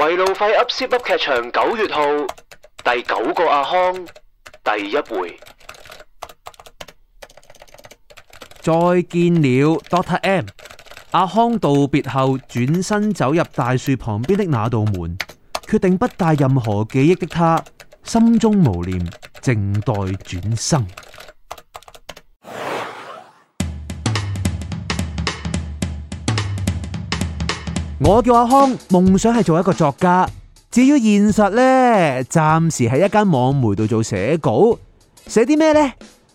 圍路費 up，Zip 噏劇場九月號第九個阿康第一回。再見了，Doctor M。阿康道別後，轉身走入大樹旁邊的那道門，決定不帶任何記憶的他，心中無念，靜待轉生。我叫阿康，夢想係做一個作家。至於現實呢，暫時喺一間網媒度做寫稿，寫啲咩呢？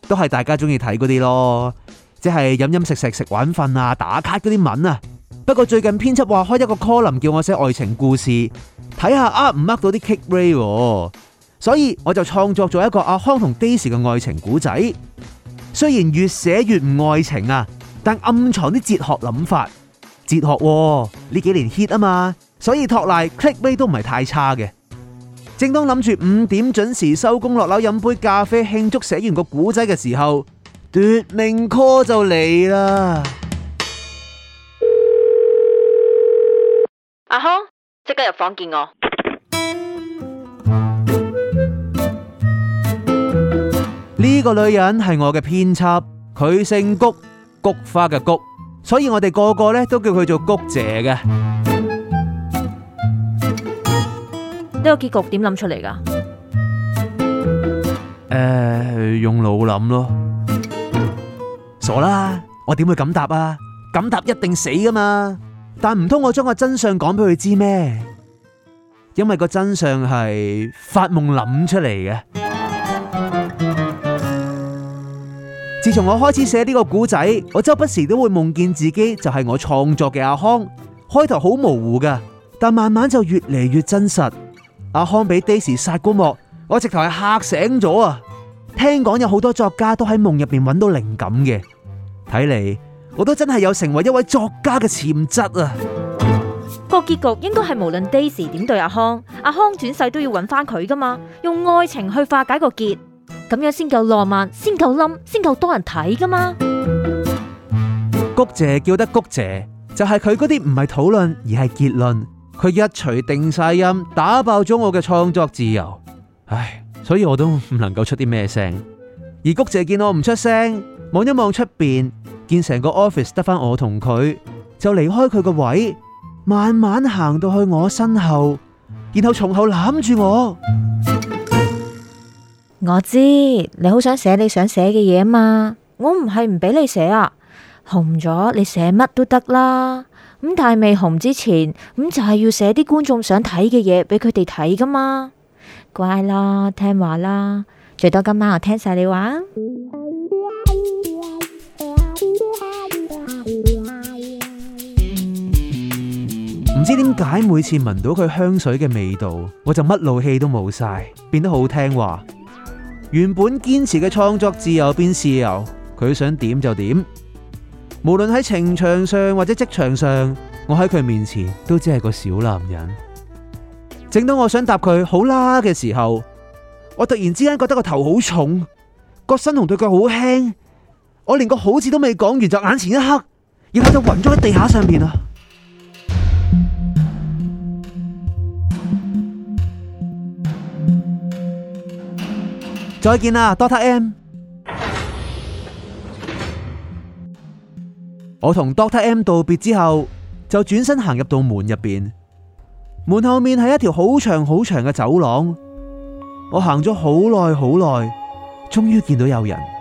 都係大家中意睇嗰啲咯，即係飲飲食食食玩瞓啊，打卡嗰啲文啊。不過最近編輯話開一個 column 叫我寫愛情故事，睇下呃唔呃到啲 kick ray，所以我就創作咗一個阿康同 Daisy 嘅愛情故仔。雖然越寫越唔愛情啊，但暗藏啲哲學諗法。哲學喎，呢幾年 hit 啊嘛，所以托賴 click rate 都唔係太差嘅。正當諗住五點準時收工落樓飲杯咖啡慶祝寫完個古仔嘅時候，奪命 call 就嚟啦！阿康，即刻入房見我。呢個女人係我嘅編輯，佢姓菊，菊花嘅菊。所以我哋個個咧都叫佢做谷姐嘅。呢個結局點諗出嚟噶？誒，用腦諗咯。傻啦，我點會咁答啊？咁答一定死噶嘛。但唔通我將個真相講俾佢知咩？因為個真相係發夢諗出嚟嘅。自從我開始寫呢個故仔，我周不時都會夢見自己就係我創作嘅阿康。開頭好模糊噶，但慢慢就越嚟越真實。阿康俾 Daisy 殺嗰幕，我直頭係嚇醒咗啊！聽講有好多作家都喺夢入邊揾到靈感嘅，睇嚟我都真係有成為一位作家嘅潛質啊！個結局應該係無論 Daisy 點對阿康，阿康轉世都要揾翻佢噶嘛，用愛情去化解個結。咁樣先夠浪漫，先夠冧，先夠多人睇噶嘛？谷姐叫得谷姐，就係佢嗰啲唔係討論，而係結論。佢一錘定晒音，打爆咗我嘅創作自由。唉，所以我都唔能夠出啲咩聲。而谷姐見我唔出聲，望一望出邊，見成個 office 得翻我同佢，就離開佢個位，慢慢行到去我身後，然後從後攬住我。我知你好想寫你想寫嘅嘢啊嘛，我唔係唔俾你寫啊。紅咗你寫乜都得啦，咁但係未紅之前，咁就係、是、要寫啲觀眾想睇嘅嘢俾佢哋睇噶嘛。乖啦，聽話啦，最多今晚我聽晒你話啊。唔知點解每次聞到佢香水嘅味道，我就乜怒氣都冇晒，變得好聽話。原本堅持嘅創作自由變豉油，佢想點就點。無論喺情場上或者職場上，我喺佢面前都只係個小男人。整到我想答佢好啦嘅時候，我突然之間覺得個頭好重，個身同對腳好輕，我連個好字都未講完就眼前一黑，然後就暈咗喺地下上面。啊！再見啦，Doctor M。我同 Doctor M 道別之後，就轉身行入到門入邊。門後面係一條好長好長嘅走廊。我行咗好耐好耐，終於見到有人。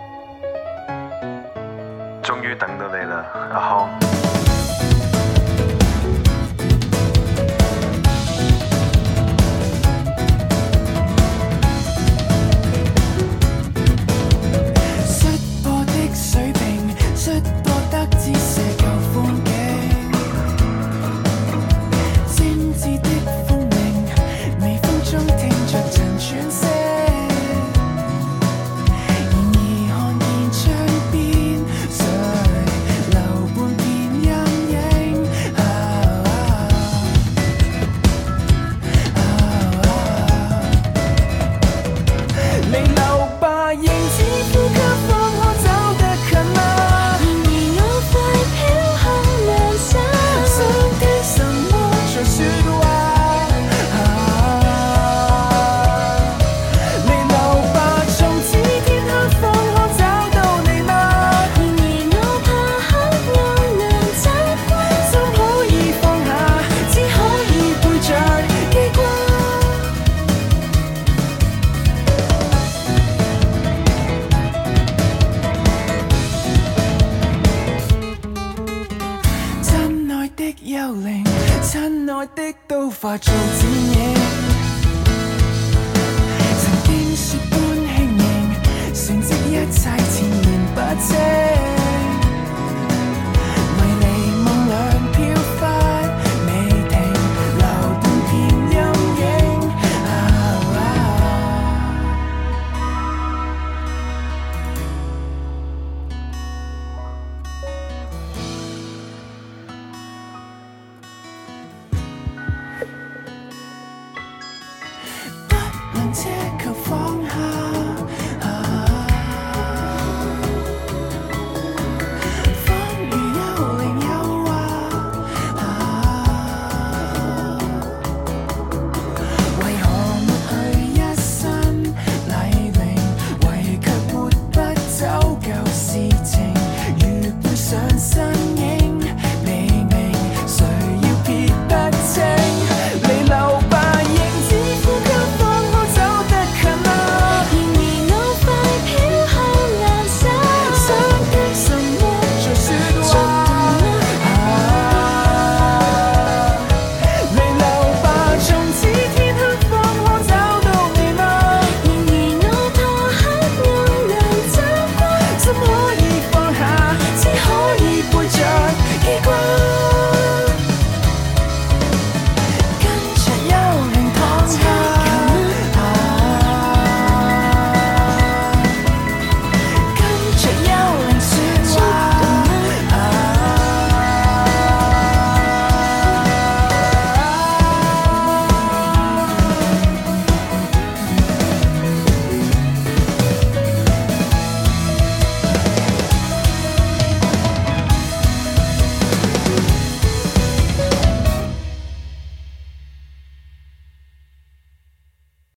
親愛的都化作剪影，曾經雪般輕盈，旋即一切纏綿不清。